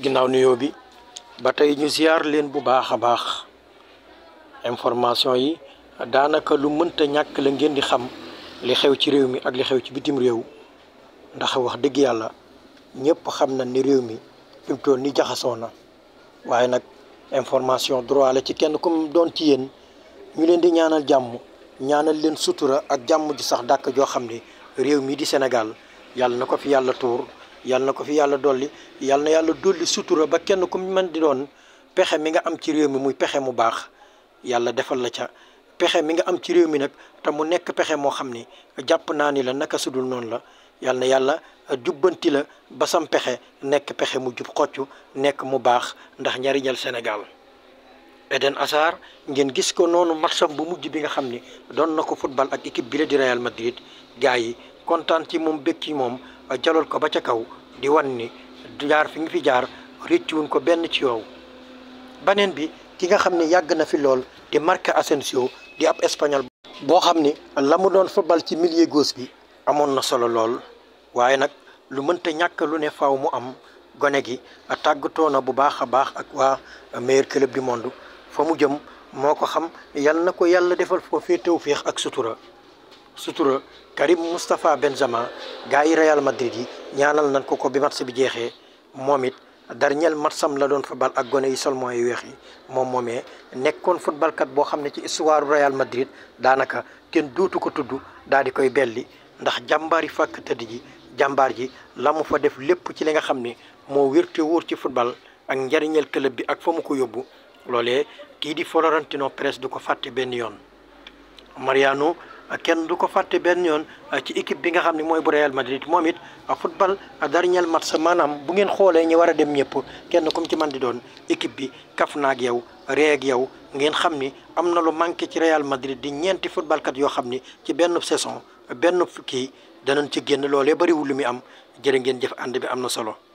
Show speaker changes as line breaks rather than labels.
ginnaaw nuyoo bi ba tey ñu ziar leen bu baax a baax information yi daanaka lu mënta ñàkk la ngeen di xam li xew ci réew mi ak li xew ci bitim réew ndax wax dëgg yàlla ñëpp xam na ni réew mi fi ni jaxasoo na waaye nag information droit la ci kenn kum doon ci yéen ñu leen di ñaanal jàmm ñaanal leen sutura ak jàmm ju sax dàkk joo xam ne réew mi di Sénégal yàlla na ko fi yàlla tuur yal na ko fi yàlla dolli yàlla na yàlla dolli sutura ba kenn ku mën di doon pexe mi nga am ci réew mi muy pexe mu baax yàlla defal la ca pexe mi nga am ci réew mi nag te mu nekk pexe moo xam ni jàpp naa ni la naka sudul noonu la yal na yàlla jubbanti la basam pexe nekk pexe mu jub xoccu nekk mu baax ndax njariñal Sénégal Eden Hazard ngeen gis ko noonu matcham bu mujj bi nga xam ni doon na ko football ak équipe bi la di Real Madrid gaa yi kontaan ci moom bëgg ci moom jalool ko ba ca kaw di wan ni jaar fi nga fi jaar réccuwuñ ko benn ci yoow baneen bi ki nga xam ne yàgg na fi lool di Marc Asensio di ab espagnol boo xam ni la mu doon football ci milieu gauche bi amoon na solo lool waaye nag lu mënta ñàkk lu ne faw mu am gone gi tàggatoo na bu baax a baax ak waa meilleur club du monde fa mu jëm moo ko xam yal na ko yàlla defal foo fee ak sutura sutura Karim Moustapha Benzema gars yi Real Madrid yi ñaanal nañ ko ko bi match bi jeexee moom it dernier matcham la doon football ak gone yi seulement yu weex yi moom moomee nekkoon footballkat boo xam ne ci histoire Real Madrid daanaka kenn duutu ko tudd daal di koy belli ndax jàmbaari fàkk tëdd ji jàmbaar ji la mu fa def lépp ci li nga xam ni moo wér te ci football ak njariñal club bi ak fa mu ko yóbbu loolee kii di Florentino Pérez du ko fàtte benn yoon Mariano kenn du ko fàtte benn yoon ah, ci équipe bi nga xam ne mooy bu Real Madrid moom it ah, football ah, dernier match maanaam bu ngeen xoolee ñu war a dem ñëpp kenn kum ci man di doon équipe bi kaf na ak yow ree yow ngeen xam ni am na lu manqué ci Real Madrid di ñeenti footballkat yoo xam ni ci benn saison benn kii danañ ci génn loolee bariwul lu muy am jërë ngeen jëf ànd bi am na solo.